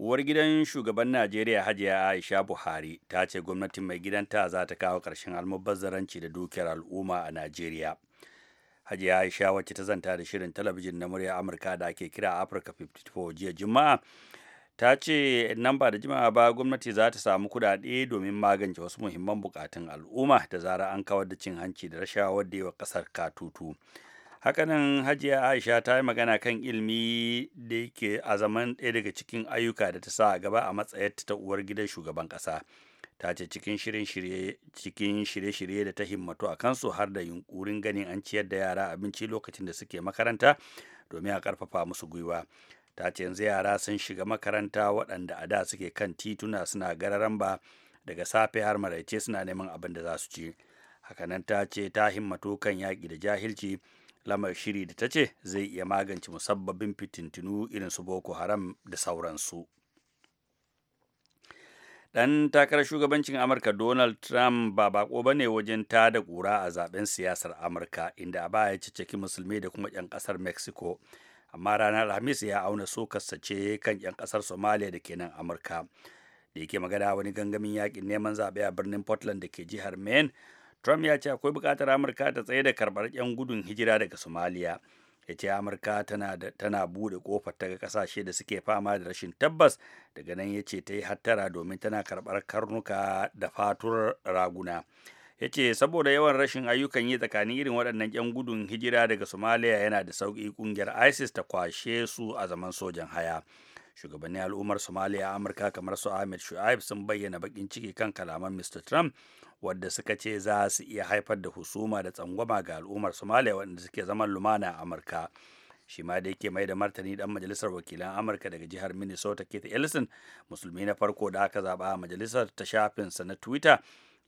uwar gidan shugaban najeriya hajiya aisha buhari ta ce gwamnatin mai gidanta za ta kawo ƙarshen almubazzaranci da dukiyar al'umma a najeriya hajiya aisha wacce ta zanta da shirin talabijin na murya amurka da ake kira africa 54 jiya juma'a ta ce nan ba da jima'a ba gwamnati za ta samu kudade domin magance wasu muhimman bukatun al'umma da zara an kawar da cin hanci da rashawa da yi wa ƙasar katutu. hakanan hajiya aisha ta yi magana kan ilimi da yake a zaman ɗaya daga cikin ayyuka da ta sa a gaba a matsayar ta uwar gidan shugaban ƙasa ta ce cikin shirye-shirye da ta himmatu a kansu har da yunkurin ganin an ciyar da yara abinci lokacin da suke makaranta domin a karfafa musu gwiwa ta ce yanzu yara sun shiga makaranta waɗanda a da suke kan tituna suna gararan ba daga safe har maraice suna neman abin da za su ci hakanan ta ce ta himmatu kan yaƙi da jahilci lamar shiri da ta ce zai iya magance musabbabin fitintinu irin su boko haram da sauransu ɗan takarar shugabancin amurka donald trump ba bako ba ne wajen ta da kura a zaben siyasar amurka inda a baya ciceki musulmi da kuma 'yan ƙasar mexico amma ranar alhamis ya auna sokarsa ce kan 'yan ƙasar somalia da ke nan amurka da yake magana wani gangamin yakin neman zaɓe a birnin portland da ke jihar maine Trump ya ce akwai buƙatar Amurka ta tsaye da karɓar 'yan gudun hijira daga Somalia. Ya ce Amurka tana, tana buɗe ƙofar ta ga ƙasashe da suke fama da rashin tabbas daga nan ya ce ta yi hattara domin tana karɓar karnuka da fatur raguna. ya ce saboda yawan rashin ayyukan yi tsakanin irin waɗannan 'yan gudun hijira daga somalia yana da sauƙi ƙungiyar isis ta kwashe su a zaman sojan haya shugabannin al'ummar somalia amurka kamar su ahmed shu'aib sun bayyana bakin ciki kan kalaman mr trump wadda suka ce za su iya haifar da husuma da tsangwama ga al'ummar somalia waɗanda suke zaman lumana a amurka shi ma da yake mai da martani dan majalisar wakilan amurka daga jihar minnesota keith ellison musulmi na farko da aka zaba a majalisar ta shafin shafinsa na twitter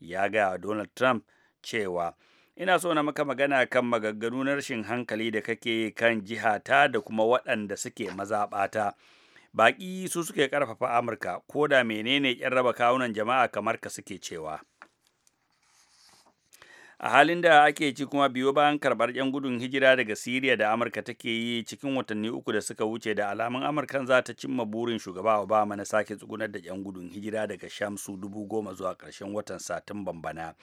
ya gaya donald trump cewa ina so na maka magana kan magagganu na rashin hankali da kake kan jihata da kuma waɗanda suke mazaɓata baƙi su suke ƙarfafa amurka ko da menene 'yan raba kawunan jama'a kamar ka suke cewa a halin da ake ci kuma biyo bayan karbar 'yan gudun hijira daga siriya da amurka take yi cikin watanni uku da suka wuce da alamun amurkan za ta cimma burin shugaba obama na sake tsugunar da 'yan gudun hijira daga shamsu dubu goma zuwa karshen watan satin bambana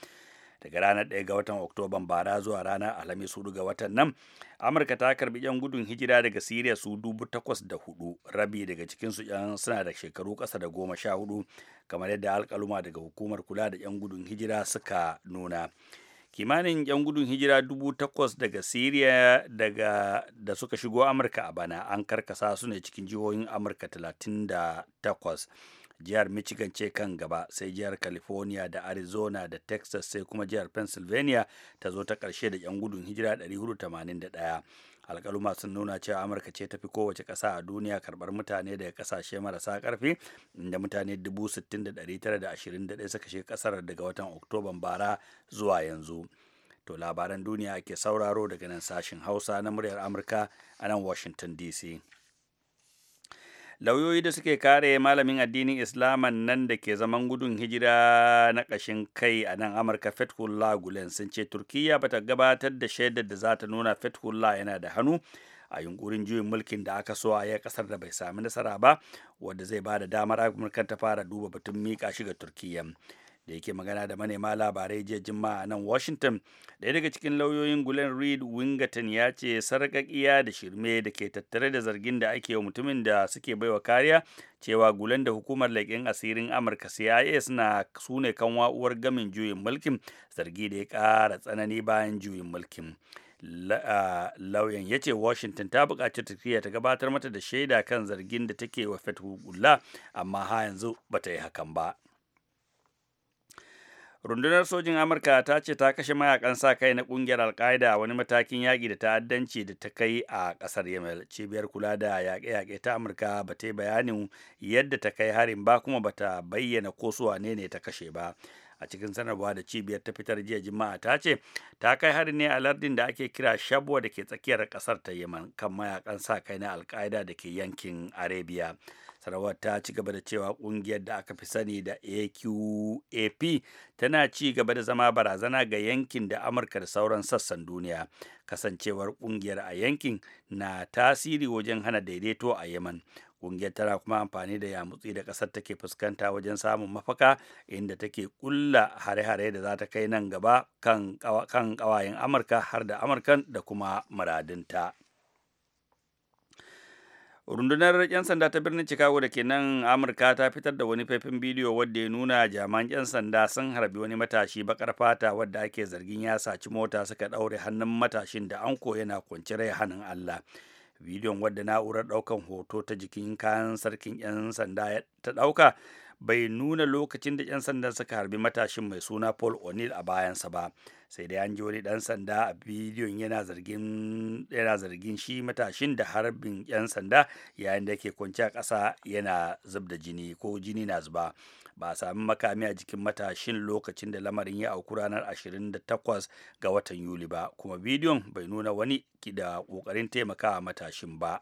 daga ranar 1 ga watan oktoban bara zuwa ranar alhamis hudu ga watan nan amurka ta karbi yan gudun hijira daga siriya su dubu takwas da hudu rabi daga cikinsu yan suna da shekaru kasa da goma sha hudu kamar yadda alkaluma daga hukumar kula da yan gudun hijira suka nuna kimanin 'yan gudun hijira dubu takwas daga siriya daga da suka shigo amurka a bana an karkasa su ne cikin jihohin amurka 38 jihar michigan ce kan gaba sai jihar california da arizona da texas sai kuma jihar pennsylvania ta zo ta karshe da 'yan gudun hijira 481 alkaluma sun nuna cewa amurka ce tafi kowace ƙasa a duniya karɓar mutane daga ƙasashe marasa ƙarfi inda mutane 60,921 suka shiga ƙasar daga watan oktoban bara zuwa yanzu to labaran duniya ke sauraro daga nan sashen hausa na muryar amurka a nan washington dc lauyoyi da suke kare malamin addinin islaman nan da ke zaman gudun hijira na ƙashin kai a nan amurka fethullah gulen sun ce turkiya bata gabatar da shaidar da za ta nuna fethullah yana da hannu a yunkurin juyin mulkin da aka so a ya kasar da bai sami nasara ba wadda zai ba da damar amurka ta fara duba batun mika shi ga turkiyya da yake magana da manema labarai jiya jimma a nan washington ɗaya daga cikin lauyoyin gulen reed wingerton ya ce sarƙaƙiya da shirme da ke tattare da zargin da ake wa mutumin da suke baiwa kariya cewa gulen da hukumar leƙen asirin amurka cia suna sune kan wa'uwar gamin juyin mulkin zargi da ya ƙara tsanani bayan juyin mulkin lauyan ya ce washington ta buƙaci tafiya ta gabatar mata da shaida kan zargin da take wa fetullah amma ha yanzu ba ta yi hakan ba rundunar sojin amurka ta ce ta kashe mayakan sa kai na kungiyar alkaida wani matakin yaƙi da ta'addanci da ta kai a ƙasar yamal cibiyar kula da yaƙe-yaƙe ta amurka ba ta yi bayanin yadda ta kai harin ba kuma ba ta bayyana ko su wane ne ta kashe ba a cikin sanarwa da cibiyar ta fitar jiya juma'a ta ce ta kai harin ne a lardin da ake kira shabwa da ke tsakiyar ƙasar ta yamal kan mayakan sa kai na alkaida da ke yankin arabia sarawar ta ci gaba da cewa kungiyar da aka fi sani da aqap tana ci gaba da zama barazana ga yankin da amurka da sauran sassan duniya kasancewar kungiyar a yankin na tasiri wajen hana daidaito a yemen kungiyar tana kuma amfani da yamutsi da kasar take fuskanta wajen samun mafaka inda take kulla hare-hare da za ta kai nan gaba kan kawayen amurka har da amurkan da kuma muradinta. rundunar 'yan sanda ta birnin chicago da ke nan amurka ta fitar da wani faifin bidiyo wadda ya nuna jaman 'yan sanda sun harbi wani matashi bakar fata wadda ake zargin ya saci mota suka ɗaure hannun matashin da anko yana kwanci rai hannun allah bidiyon wadda na'urar ɗaukan hoto ta jikin kayan sarkin 'yan sanda ta ɗauka bai nuna lokacin da 'yan sandan suka harbi matashin mai suna paul o'neill a bayansa ba sai da an ji wani dan sanda a bidiyon yana zargin shi matashin da harbin 'yan sanda yayin da yake kwance a ƙasa yana zub da jini ko jini na zuba ba a sami makami a jikin matashin lokacin da lamarin ya auku ranar 28 ga watan yuli ba kuma bidiyon bai nuna wani da ƙoƙarin taimakawa matashin ba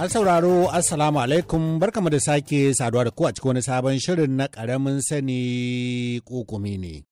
An sauraro Assalamu alaikum barkamu da sake saduwa da ku a cikin wani sabon shirin na ƙaramin sani kukumi ne.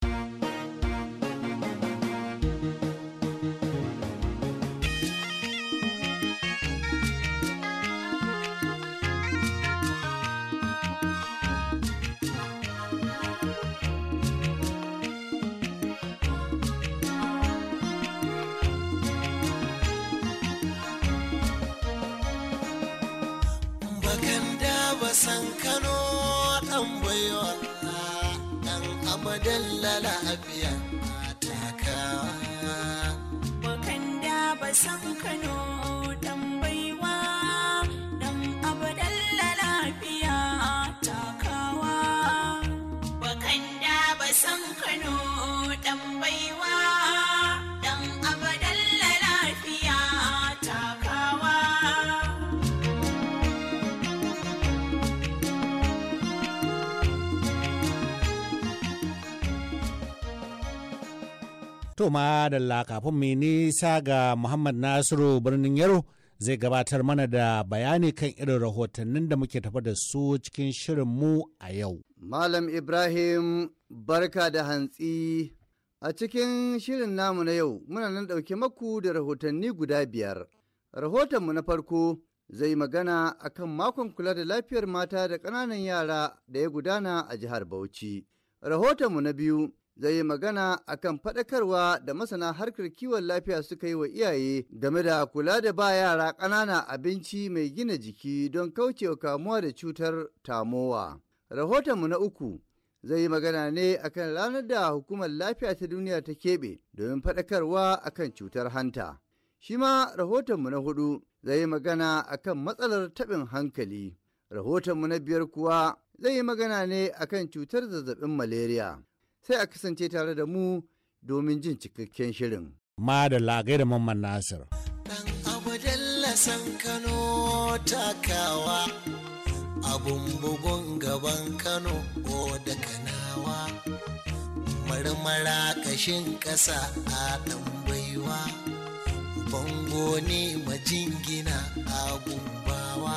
To ma da kafin mai nisa ga Muhammad Nasiru birnin Yaro zai gabatar mana da bayani kan irin rahotannin da muke tafa da su cikin shirin mu a yau. Malam Ibrahim barka da hantsi a cikin shirin namu na yau muna nan ɗauke maku da rahotanni guda biyar. Rahotonmu na farko zai magana akan makon kula da lafiyar mata da ƙananan yara da ya gudana a jihar Bauchi. Rahotonmu na biyu zai yi magana a kan faɗakarwa da masana harkar kiwon lafiya suka yi wa iyaye game da kula da ba yara ƙanana abinci mai gina jiki don kaucewa kamuwa da cutar tamowa. Rahotonmu na uku zai yi magana ne a kan ranar da hukumar lafiya ta duniya ta keɓe domin faɗakarwa a kan cutar hanta. Shi ma rahotonmu na hudu zai yi magana a kan matsalar taɓin hankali. Rahotonmu na biyar kuwa zai yi magana ne a kan cutar zazzabin malaria. sai a kasance tare da mu domin jin cikakken shirin. Ma da lagai da Mamman Nasir. Ɗan abu san Kano takawa, abun bugun gaban Kano ko da Kanawa, marmara kashin ƙasa a ɗan baiwa, bango ne majingina a bawa,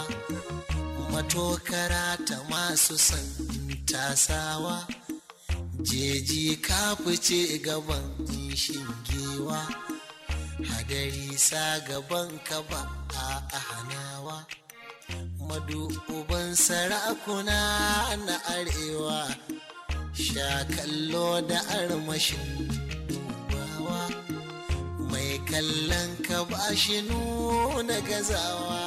matokara ta masu san tasawa. jeji ka fice gaban shingewa hadari sa gaban ka ba a hanawa madu uban sarakuna na arewa sha kallo da armashin dubawa mai kallon ka ba shi nuna gazawa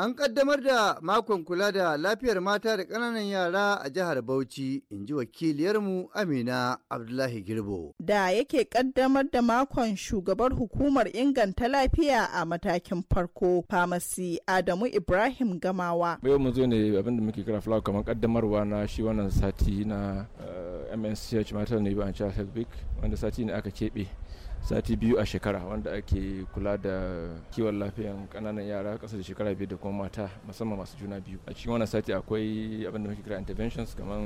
An kaddamar da makon kula da lafiyar mata da ƙananan yara a jihar Bauchi, in ji wakiliyarmu Amina Abdullahi Girbo. Da yake kaddamar da makon shugabar hukumar inganta lafiya a matakin farko, famasi Adamu Ibrahim Gamawa. Yau mun zo ne abin da muke kira fulawa kamar kaddamarwa na shi wannan sati na eh, MNCH matar and Child Health wanda sati ne aka keɓe. sati biyu a shekara wanda ake kula da kiwon lafiyan kananan yara kasa da shekara biyu da kuma mata musamman masu juna biyu a cikin wannan sati akwai abin da muke kira interventions kamar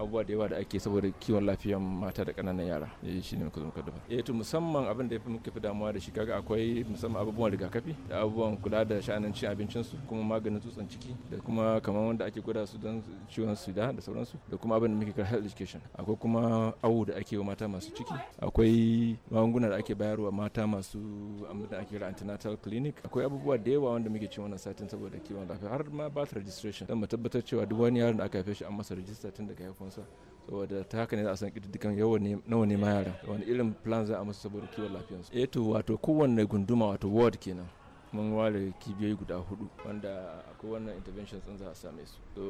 abubuwa da yawa da ake saboda kiwon lafiyan mata da kananan yara eh ne muka zo muka duba eh to musamman abin da muke fi damuwa da shi kaga akwai musamman abubuwan rigakafi da abubuwan kula da sha'anin cin abincin su kuma maganin tsutsan ciki da kuma kamar wanda ake gwada su don ciwon sida da sauransu da kuma abin da muke kira health education akwai kuma awu da ake wa mata masu ciki akwai magunguna da ake ake bayarwa mata masu abinda ake kira antenatal clinic akwai abubuwa da yawa wanda muke cin wannan satin saboda kiwon lafiya har ma birth registration don mu tabbatar cewa duk wani yaron da aka haife shi an masa rajista tun daga haifonsa saboda ta haka ne za a san ne nawa ne ma yaran wani irin plan za a masa saboda kiwon lafiyarsu eh to wato kowanne gunduma wato ward kenan mun ware kibiyoyi guda hudu wanda akwai wannan interventions din za a same su so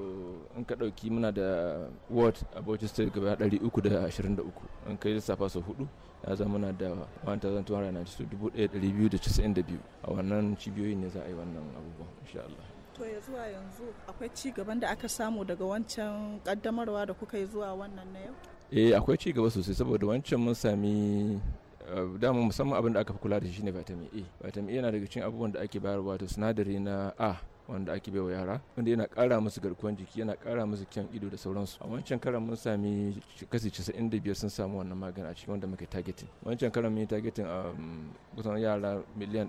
in ka dauki muna da ward a Bauchi state gaba 323 in kai lissafa su hudu ya zama na da 1,292 a wannan cibiyoyin ne za a yi wannan abubuwan insha Allah. To ya zuwa yanzu akwai ci gaban da aka samu daga wancan kaddamarwa da kuka yi zuwa wannan na yau? Eh akwai ci gaba sosai saboda wancan mun sami eh, dama musamman abin da aka fi kula da shi ne vitamin A. Vitamin A yana daga cikin abubuwan da ake bayarwa to sinadari na A wanda ake baiwa yara wanda yana ƙara musu garkuwan jiki yana ƙara musu kyan ido da sauransu a wancan karan mun sami kasi biyar sun samu wannan magani a cikin wanda muke targeting wancan karan mun yi targeting a um, kusan yara miliyan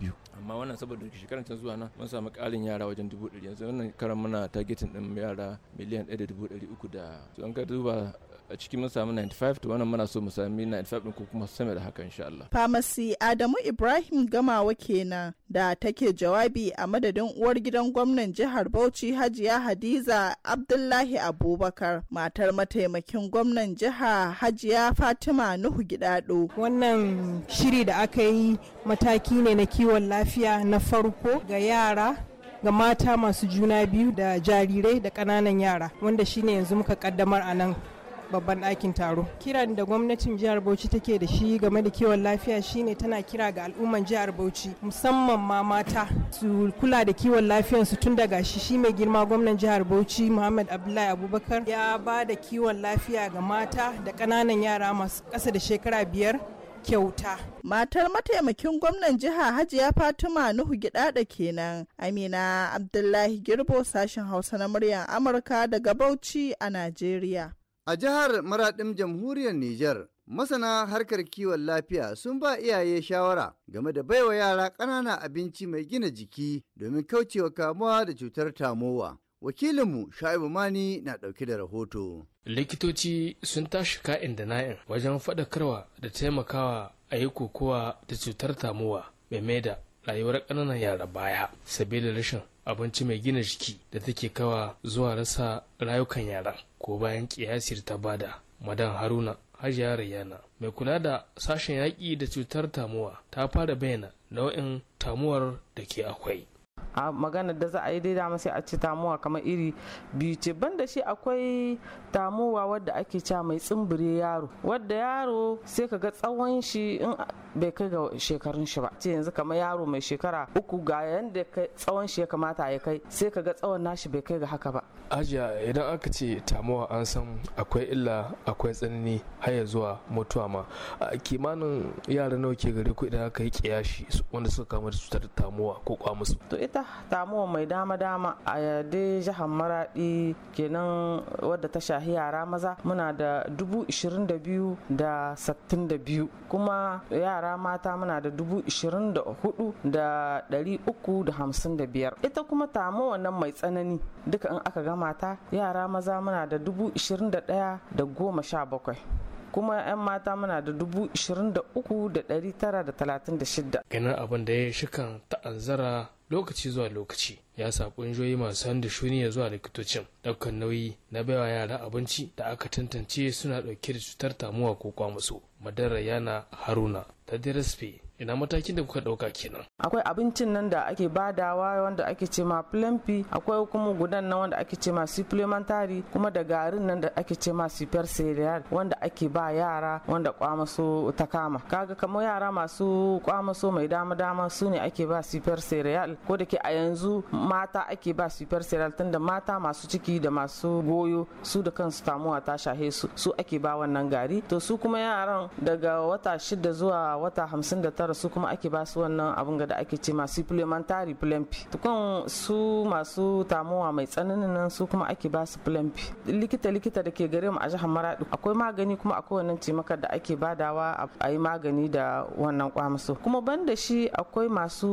biyu. amma wannan saboda shekaran can zuwa nan mun samu ƙarin yara wajen dubu ɗari yanzu wannan karan muna targeting din yara miliyan da dubu uku da su an ka duba a cikin mun samu 95 to wannan muna so mu sami 95 din ko kuma sama da haka insha Allah. Famasi Adamu Ibrahim Gamawa kenan da take jawabi a madadin uwar gidan gwamnan jihar Bauchi Hajiya Hadiza Abdullahi Abubakar matar mataimakin gwamnan jiha Hajiya Fatima Nuhu Gidado. Wannan shiri da aka yi mataki ne na kiwon lafiya na farko ga yara ga mata masu juna biyu da jarirai da ƙananan yara wanda shine yanzu muka kaddamar a nan babban ɗakin taro kiran da gwamnatin jihar bauchi take da shi game da kiwon lafiya shine tana kira ga al'umman jihar bauchi musamman ma mata su kula da kiwon lafiyarsu tun daga shi shi mai girma gwamnan jihar bauchi muhammad abdullahi abubakar ya ba da kiwon lafiya ga mata da ƙananan yara masu kasa da shekara biyar kyauta. Matar mataimakin gwamnan jiha Hajiya Fatima Nuhu Gidada kenan. Amina Abdullahi Girbo sashen Hausa na muryar Amurka daga Bauchi a Najeriya. A jihar Maraɗin Jamhuriyar Nijar, masana harkar kiwon lafiya sun ba iyaye shawara game da baiwa yara ƙanana abinci mai gina jiki domin kaucewa kamuwa da cutar tamowa. Wakilinmu Sha'ibu Mani na ɗauke da rahoto. Likitoci sun tashi ka'in da na'in wajen faɗakarwa da taimakawa a yi kokowa da cutar tamowa mai maida rayuwar ƙananan yara baya sabida rashin abinci mai gina jiki da take kawa zuwa rasa rayukan yara. ko bayan kiyasir ta bada madan haruna hajiya rayana mai kula da sashen yaƙi da cutar tamuwa ta fara bayyana nau'in tamuwar da ke akwai a magana da za a yi dai sai a ci tamuwa kamar iri biyu ce banda shi akwai tamuwa wadda ake ca mai tsimbire yaro wadda yaro sai ka ga tsawon shi in bai kai ga shekarun shi ba ce yanzu kamar yaro mai shekara uku ga yanda tsawon shi ya kamata ya kai sai ka ga tsawon nashi bai kai ga haka ba ajiya idan aka ce tamuwa an san akwai illa akwai tsanani har zuwa mutuwa ma a kimanin yara nawa ke gari ku idan aka yi kiyashi wanda suka kama da cutar tamuwa ko musu to ita tamuwa mai dama-dama a yadda jihar maradi kenan wadda ta shahi yara maza muna da dubu ishirin da biyu da sattin da biyu kuma yara mata muna da dubu ishirin da hudu da dari uku da hamsin da biyar ita kuma tamuwa nan mai tsanani duka in aka gama ta yara maza muna da dubu ishirin da daya da goma sha bakwai kuma 'yan mata muna da dubu ishirin da uku da dari tara da talatin da shida ganin abin da ya shikan ta'azzara lokaci zuwa lokaci ya sa kungiyoyi masu hannu shuni ya zuwa likitocin ɗaukar nauyi na baiwa yara abinci da aka tantance suna ɗauke da cutar tamuwa ko kwamaso madara yana haruna ta dirispe ina matakin da kuka ɗauka kenan akwai abincin nan da ake badawa wanda ake ce ma plenty akwai kuma gudan nan wanda ake ce ma supplementary kuma da garin nan da ake ce ma super cereal wanda ake ba yara wanda kwamaso ta kama kaga kamar yara masu kwamaso mai dama dama su ne ake ba super cereal ko da ke a yanzu mata ake ba super cereal tunda mata masu ciki da masu goyo su da kansu tamuwa ta shahe su su ake ba wannan gari to su kuma yaran daga wata shida zuwa wata hamsin da tara da su kuma ake ba su wannan abin da ake ce masu supplementary plenty tukun su masu tamuwa mai tsananin nan su kuma ake ba su plenty likita likita da ke gare mu a jihar maradi akwai magani kuma akwai wannan cimakar da ake badawa a yi magani da wannan kwamso kuma banda shi akwai masu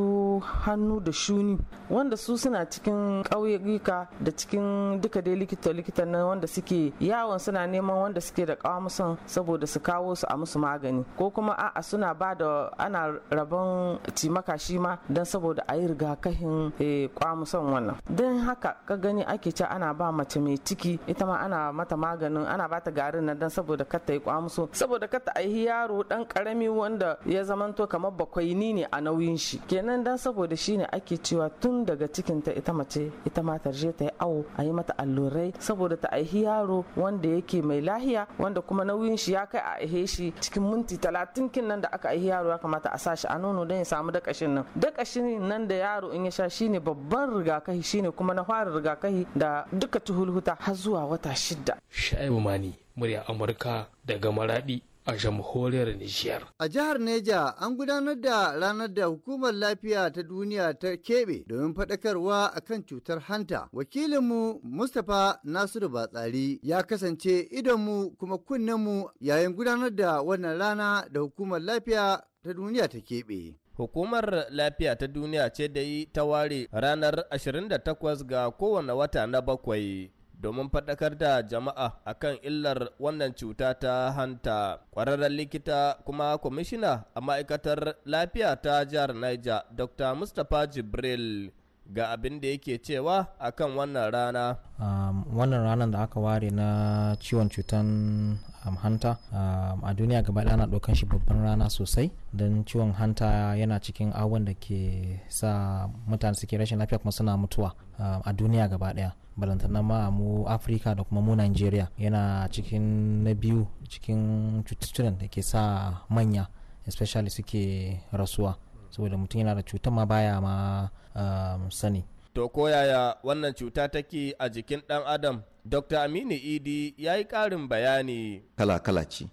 hannu da shuni wanda su suna cikin ƙauyuka da cikin duka dai likita likita na wanda suke yawon suna neman wanda suke da kwamson saboda su kawo su a musu magani ko kuma a'a suna ba da ana rabon cimaka shi ma don saboda a yi rigakafin eh, kwamusan wannan don haka ka gani ake ce ana ba mace mai ciki ita ma ana mata maganin ana ba ta garin na don saboda kata yi kwamuso saboda kata ta yi yaro dan karami wanda ya zamanto kamar bakwai ni ne a nauyin shi kenan don saboda shi ne ake cewa tun daga cikin ta ita mace ita ma ta je ta yi awo a yi mata allurai saboda ta aihi yaro wanda yake mai lahiya wanda kuma nauyin shi ya kai a aihe shi cikin minti talatin kin nan da aka aihi yaro ya kamata a a sa shi a nono don ya samu dakashin nan dakashin nan da yaro in ya sha shine babban rigakafi shine kuma na fara rigakafi da duka tuhulhuta har zuwa wata shida sha'ibu mani murya amurka daga maradi a jamhuriyar Nijiyar. A jihar Neja an gudanar da ranar da hukumar lafiya ta duniya ta keɓe domin faɗakarwa kan cutar hanta. Wakilinmu Mustapha Nasiru Batsari ya kasance idonmu kuma kunnenmu yayin gudanar da wannan rana da hukumar lafiya ta duniya ta keɓe. Hukumar lafiya ta duniya ce da yi ta ware ranar 28 ga kowane wata na bakwai domin faɗakar da jama'a akan illar wannan cuta ta hanta. Ƙwararren likita kuma kwamishina a ma'aikatar lafiya ta jihar Niger, Dr. Mustapha Jibril. ga abin da yake cewa akan kan wannan rana. Um, wannan ranar da aka ware na ciwon cutan um, hanta um, a duniya gaba ana ɗaukan shi babban rana sosai don ciwon hanta yana cikin awon da ke sa mutane suke rashin lafiya kuma suna mutuwa um, a duniya gaba ɗaya balantana ma mu afirka da kuma mu nigeria yana cikin na biyu cikin cututtukan da ke sa manya especially suke rasuwa saboda mutum yana da cutar ma baya ma um, sani to ko yaya wannan cuta take a jikin ɗan adam dr aminu idi ya yi karin bayani kala kala ce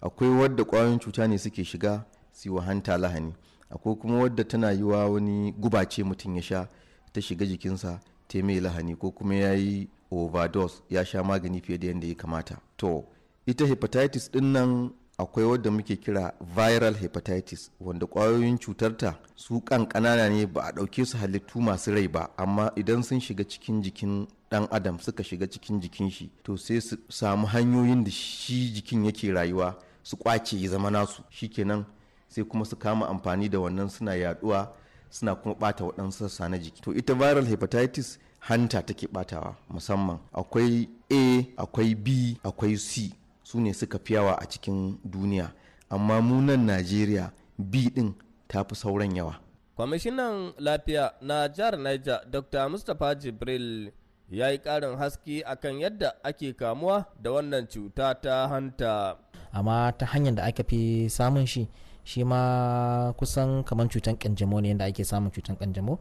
akwai wadda kwayoyin cuta ne suke shiga su hanta lahani akwai kuma wadda tana yi wa wani gubace mutum ya sha ta shiga jikinsa ta mai lahani ko kuma ya yi overdose ya sha magani fiye da yadda ya kamata to ita hepatitis din nan akwai wadda muke kira viral hepatitis wanda kwayoyin cutarta su kan ƙanana ne ba a ɗauke su halittu masu rai ba amma idan sun shiga cikin jikin dan adam suka shiga cikin jikin shi to sai su samu hanyoyin da shi jikin yake rayuwa su kwace ya zama nasu shi shikenan sai kuma su kama amfani da wannan suna yaduwa suna kuma bata waɗansu sassa na jiki to ita viral hepatitis hanta take batawa musamman akwai a akwai b akwai c su ne suka fiyawa a cikin duniya amma munan nan najeriya bi din ta fi sauran yawa kwamishinan lafiya na jihar niger dr mustapha jibril ya yi ƙarin haske akan yadda ake kamuwa da wannan cuta ta hanta amma ta hanyar da aka fi samun shi shi ma kusan kamar cutan kanjamo ne yadda ake samun cutan kanjamo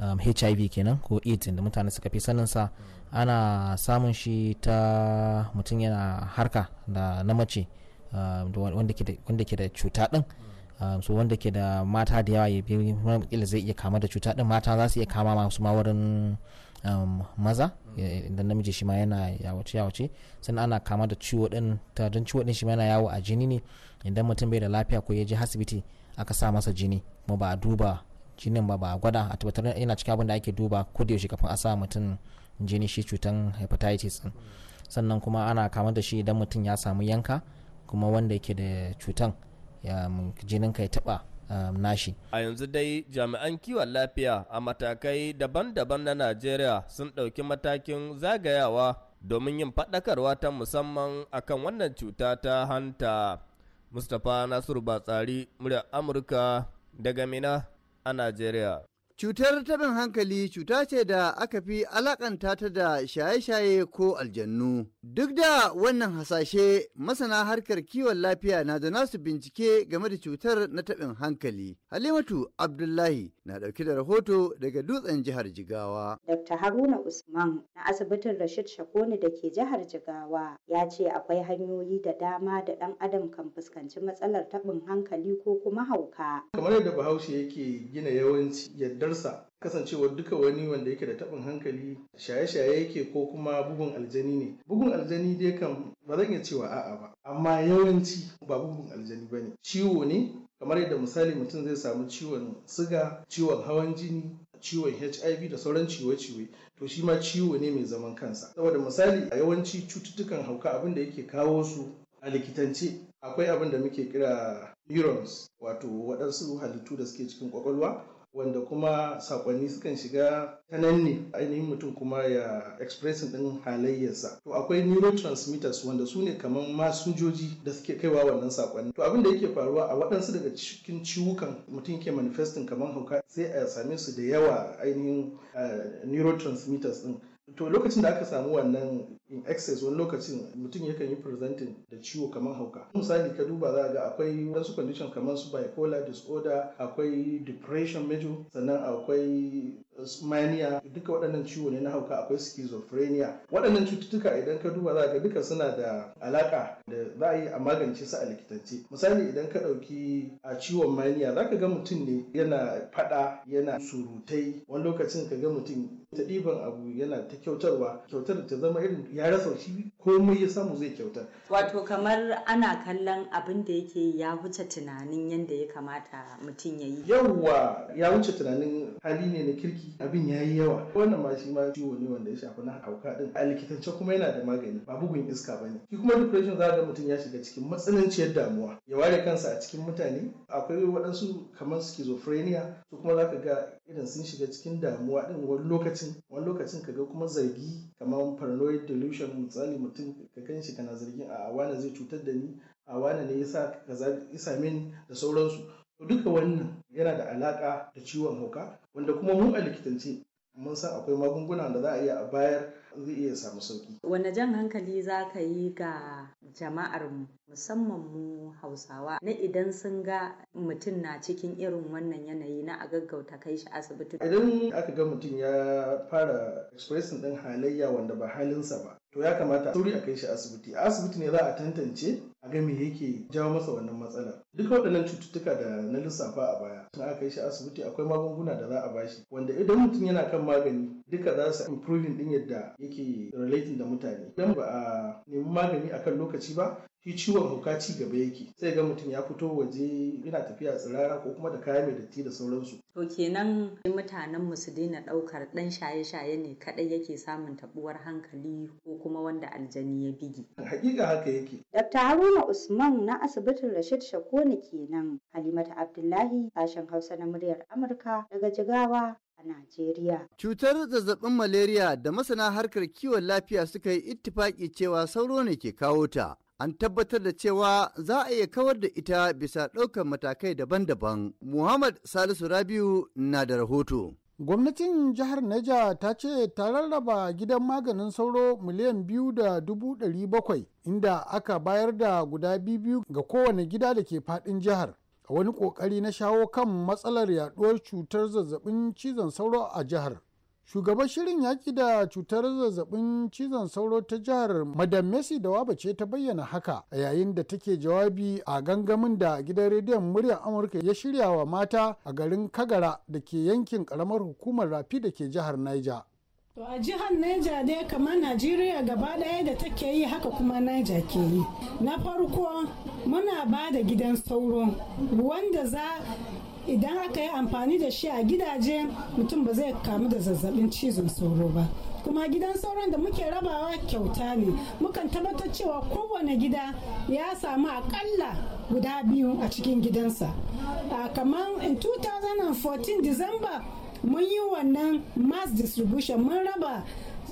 um, hiv kenan ko aids da mutane suka fi sanin sa ana samun shi ta mutum yana harka da na mace um, wanda ke da cuta din um, so wanda ke da mata da yawa ya bi zai iya kama da cuta din mata za su iya kama masu ma wurin um, maza idan namiji shi ma yana yawace yawace sannan ana kama da ciwo din ta don ciwo din shi ma yana yawo a jini ne idan mutum bai da lafiya ko ya je asibiti aka sa masa jini kuma ba a duba jinin ba ba gwada a tabbatar yana cikin abin da ake duba ko da yaushe kafin a sa mutum jini shi cutan hepatitis din sannan kuma ana kama da shi idan mutum ya samu yanka kuma wanda yake da cutan jinin ka ya taba um, nashi a yanzu dai jami'an kiwon lafiya a matakai daban-daban na najeriya sun ɗauki matakin zagayawa domin yin faɗakarwa ta musamman akan wannan cuta ta hanta mustapha nasiru batsari murya amurka daga mina a Najeriya. Cutar taɓin hankali cuta ce da aka fi alakanta ta da shaye-shaye ko aljannu. Duk da wannan hasashe masana harkar kiwon lafiya na da nasu bincike game da cutar na taɓin hankali. Halimatu Abdullahi na ɗauki da rahoto daga dutsen jihar Jigawa. Dr. Haruna Usman na asibitin Rashid Shakoni da ke jihar Jigawa ya ce akwai hanyoyi da dama da ɗan adam kan fuskanci matsalar taɓin hankali ko kuma hauka. Kamar yadda Bahaushe yake gina yawanci yardarsa kasancewa duka wani wanda yake da taɓin hankali shaye-shaye yake ko kuma bugun aljani ne. Bugun aljani dai kan ba zan iya cewa a'a ba amma yawanci ba bugun aljani ba ne ciwo ne kamar yadda misali mutum zai samu ciwon siga ciwon hawan jini ciwon hiv da sauran ciwe-ciwe to shi ma ciwo ne mai zaman kansa saboda misali a yawanci cututtukan hauka abin da yake kawo su a likitance akwai abin da muke kira neurons wato waɗansu halittu da suke cikin kwakwalwa wanda kuma sakonni sukan shiga ta nan ne ainihin mutum kuma ya expressing din halayyarsa to akwai neurotransmitters wanda su ne kamar masunjoji da suke kaiwa wannan sakonni to abin da yake faruwa a waɗansu daga cikin ciwukan mutum ke manifesting kamar hauka sai a same su da yawa ainihin eh, neurotransmitters din to lokacin da aka samu wannan in excess wani lokacin mutum yakan yi presenting da ciwo kamar hauka misali ka duba za ga akwai wasu condition kamar su bipolar disorder akwai depression major sannan akwai mania duka waɗannan ciwo ne na hauka akwai schizophrenia waɗannan cututtuka idan ka duba za ga duka suna da alaka da za a yi a magance su a likitance misali idan ka ɗauki a ciwon mania za ka ga mutum ne yana faɗa yana surutai wani lokacin ka ga mutum ta ɗiban abu yana ta kyautarwa kyautar ta zama irin ya rasa shi komai ya samu zai kyautar. Wato kamar ana kallon abin da yake ya wuce tunanin yadda ya kamata mutum ya yi. Yawwa ya wuce tunanin hali ne na kirki abin ya yi yawa. Wannan ma shi ma ciwo ne wanda ya shafi na hauka din. A likitance kuma yana da magani ba bugun iska ba ne. Shi kuma depression za ga mutum ya shiga cikin matsananciyar damuwa. Ya ware kansa a cikin mutane akwai waɗansu kamar schizophrenia su kuma za ka ga irin sun shiga cikin damuwa din wani lokacin wani lokacin kaga kuma zargi kamar paranoid delusion misali mutum ka kan shi kana zargin a wane zai cutar da ni a wane ne yasa kaza ya same da sauransu to duka wannan yana da alaka da ciwon hauka wanda kuma mu a likitance mun san akwai magunguna da za a iya a bayar zai iya samu sauki. Wane jan hankali za ka yi ga jama'ar mu musamman mu Hausawa na idan sun ga mutum na cikin irin wannan yanayi na a gaggauta kai shi asibiti idan aka ga mutum ya fara expressing din halayya wanda ba halinsa ba to ya kamata sauri a kai shi asibiti a asibiti ne za a tantance a ga me yake jawo masa wannan matsalar duk waɗannan cututtuka da na lissafa a baya in aka kai shi asibiti akwai magunguna da za a bashi wanda idan mutum yana kan magani duka za su improving din yadda yake relating da mutane idan ba a nemi magani akan lokaci ba shi ciwon hauka ci gaba yake sai ga mutum ya fito waje yana tafiya tsirara ko kuma da kaya mai datti da sauransu to kenan mutanen mu su daina daukar dan shaye-shaye ne kadai yake samun tabuwar hankali ko kuma wanda aljani ya bigi hakika haka yake Dr. Haruna Usman na asibitin Rashid Shakoni kenan Halimatu Abdullahi sashen Hausa na muryar Amurka daga Jigawa Najeriya. Cutar zazzabin malaria da masana harkar kiwon lafiya suka yi ittifaki cewa sauro ne ke kawo ta. An tabbatar da cewa za a iya kawar da ita bisa ɗaukar matakai daban-daban. Muhammad Salisu Rabiu na da rahoto. Gwamnatin jihar Neja ta ce ta rarraba gidan maganin sauro miliyan biyu da dubu ɗari bakwai inda aka bayar da guda biyu ga kowane gida da ke faɗin jihar. a wani kokari na shawo kan matsalar yaduwar cutar zazzabin cizon sauro a jihar shugaban shirin yaƙi da cutar zazzabin cizon sauro ta jihar madam messi da waba ce ta bayyana haka a yayin da take jawabi a gangamin da gidan rediyon muryar amurka ya shirya wa mata a garin kagara da ke yankin ƙaramar hukumar rafi da ke jihar niger To a jihar Niger dai kamar Najeriya gaba ɗaya da take yi haka kuma Niger ke yi. Na farko muna ba da gidan sauro wanda za idan aka yi amfani da shi a gidaje mutum ba zai kamu da zazzabin cizon sauro ba. kuma gidan sauron da muke rabawa kyauta ne mukan tabbatar cewa kowane gida ya samu akalla guda biyu a cikin gidansa a kamar 2014 disamba mun yi wannan mass distribution mun raba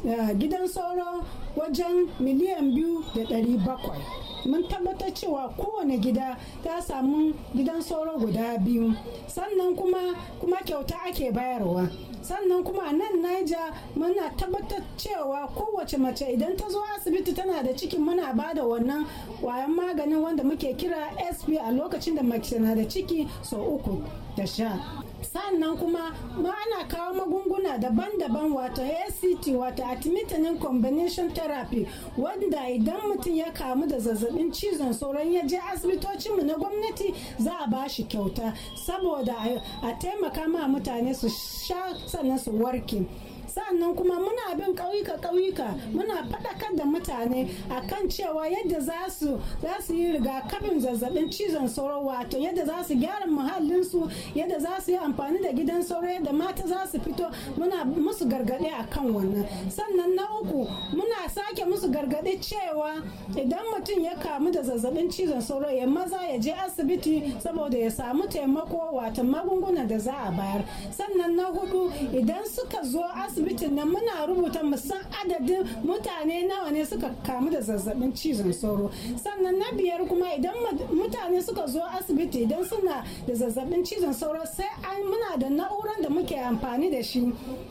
eh, gidan sauro wajen miliyan biyu da ɗari bakwai mun tabbatar cewa kowane gida ta samu gidan sauro guda biyu sannan kuma kuma kyauta ake bayarwa sannan kuma a nan naija muna tabbatar cewa kowace mace idan ta zo asibiti tana da ciki muna ba da wannan wayan maganin wanda muke kira sp a lokacin da mace na da ciki sau uku da sha sannan kuma ma ana kawo magunguna daban-daban wato act wato atimitinin combination therapy wanda idan mutum ya kamu da zazzabi zazzabin cizon sauran ya je asibitocinmu na gwamnati za a ba shi kyauta saboda a taimaka ma mutane su sha sannan su warke sannan kuma muna bin ƙauyuka ƙauyuka muna faɗakar da mutane a kan cewa yadda za su za su yi rigakafin zazzabin cizon sauro wato yadda za su gyara muhallinsu yadda za su yi amfani da gidan sauro yadda mata za su fito muna musu gargaɗi kan wannan sannan na uku muna sake musu gargaɗi cewa idan mutum ya kamu da zazzabin cizon sauro ya maza ya je asibiti saboda ya samu taimako wato magunguna da za a bayar sannan na hudu idan suka zo asibiti asibitin nan muna rubuta musan adadin mutane nawa ne suka kamu da zazzabin cizon sauro sannan na biyar kuma idan mutane suka zo asibiti idan suna da zazzabin cizon sauro sai an muna da na'urar da muke amfani da shi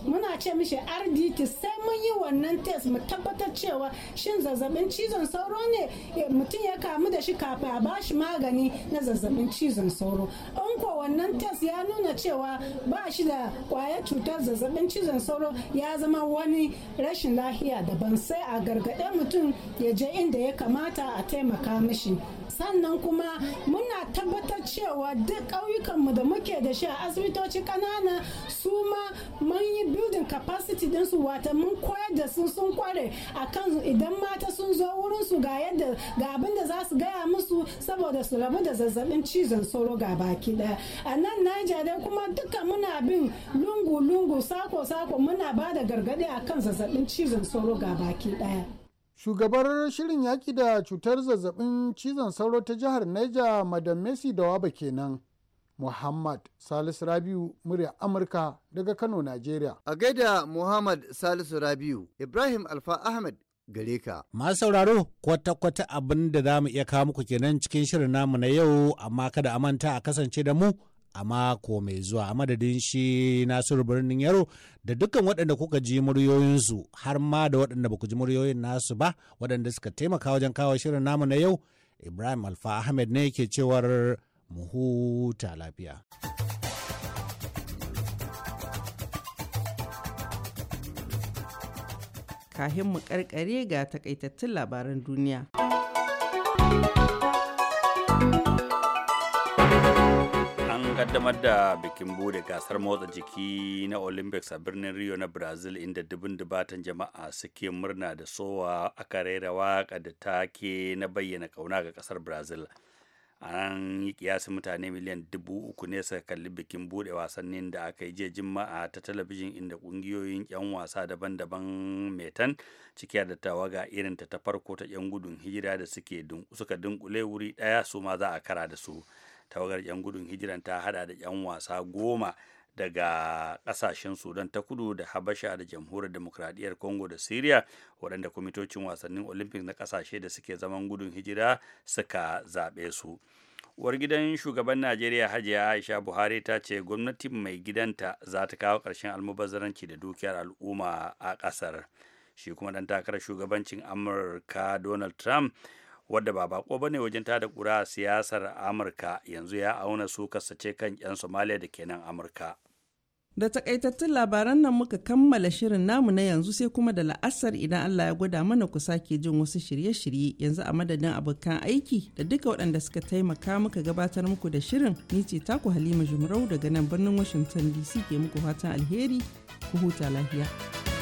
muna ce mishi rdt sai mun yi wannan test mu tabbatar cewa shin zazzabin cizon sauro ne mutum ya kamu da shi kafin a ba shi magani na zazzabin cizon sauro in ko wannan test ya nuna cewa ba shi da kwayar cutar zazzabin cizon sauro ya zama wani rashin lahiya daban sai a gargaɗe mutum ya je inda ya kamata a taimaka mashi, sannan kuma muna tabbatar cewa duk ƙauyukanmu da muke da shi a asibitoci ƙanana su ma mun yi building capacity ɗinsu wata mun koyar da su sun kware a kan idan mata sun zo wurin su ga yadda ga abin da za su gaya musu saboda su rabu da zazzabin cizon sauro ga baki ɗaya a nan naija dai kuma duka muna bin lungu-lungu sako-sako muna yana ba da gargaɗi a kan zazzabin cizon sauro ga baki ɗaya. Shugabar shirin yaƙi da cutar zazzabin cizon sauro ta jihar Neja Madam Messi da Waba kenan. Muhammad Salisu Rabiu murya Amurka daga Kano, Najeriya. A gaida Muhammad Salisu Rabiu, Ibrahim Alfa Ahmed gare ka. Masu sauraro kwata-kwata abin da za mu iya kawo muku kenan cikin shirin namu na yau amma kada a manta a kasance da mu a mako mai zuwa a madadin shi nasiru birnin yaro da dukkan waɗanda kuka ji muryoyinsu har ma da waɗanda baku ji muryoyin nasu ba waɗanda suka taimaka wajen kawo shirin namu na yau ibrahim alfa ahmed ne ke cewar mu huta lafiya. kahin mu karkare ga takaitattun labaran duniya. kaddamar da bikin bude gasar motsa jiki na olympics a birnin rio na brazil inda dubin dubatan jama'a suke murna da sowa aka rera waka da take na bayyana kauna ga kasar brazil an yi kiyasi mutane miliyan dubu uku ne suka kalli bikin bude wasannin da aka yi jiya jima'a ta talabijin inda kungiyoyin 'yan wasa daban-daban metan ciki da tawaga irin ta ta farko ta 'yan gudun hijira da suka dunkule wuri daya su ma za a kara da su tawagar 'yan gudun hijiran ta hada da 'yan wasa goma daga kasashen sudan ta kudu da habasha da jamhuriyar demokradiyyar congo da syria waɗanda kwamitocin wasannin olympic na kasashe da suke zaman gudun hijira suka zaɓe su uwar gidan shugaban najeriya hajiya aisha buhari ta ce gwamnati mai gidanta za ta kawo ƙarshen almubazzaranci da dukiyar al'umma a ƙasar shi kuma ɗan takarar shugabancin amurka donald trump wadda ba bako ba ne wajen tada kura a siyasar amurka yanzu ya auna su kasace kan 'yan somaliya da kenan amurka da takaitattun labaran nan muka kammala shirin namu na yanzu sai kuma da la'asar idan allah ya gwada mana ku sake jin wasu shirye-shirye yanzu a madadin abokan aiki da duka waɗanda suka taimaka muka gabatar muku da shirin ni ce taku halima jumrau daga nan birnin washington dc ke muku fatan alheri ku huta lafiya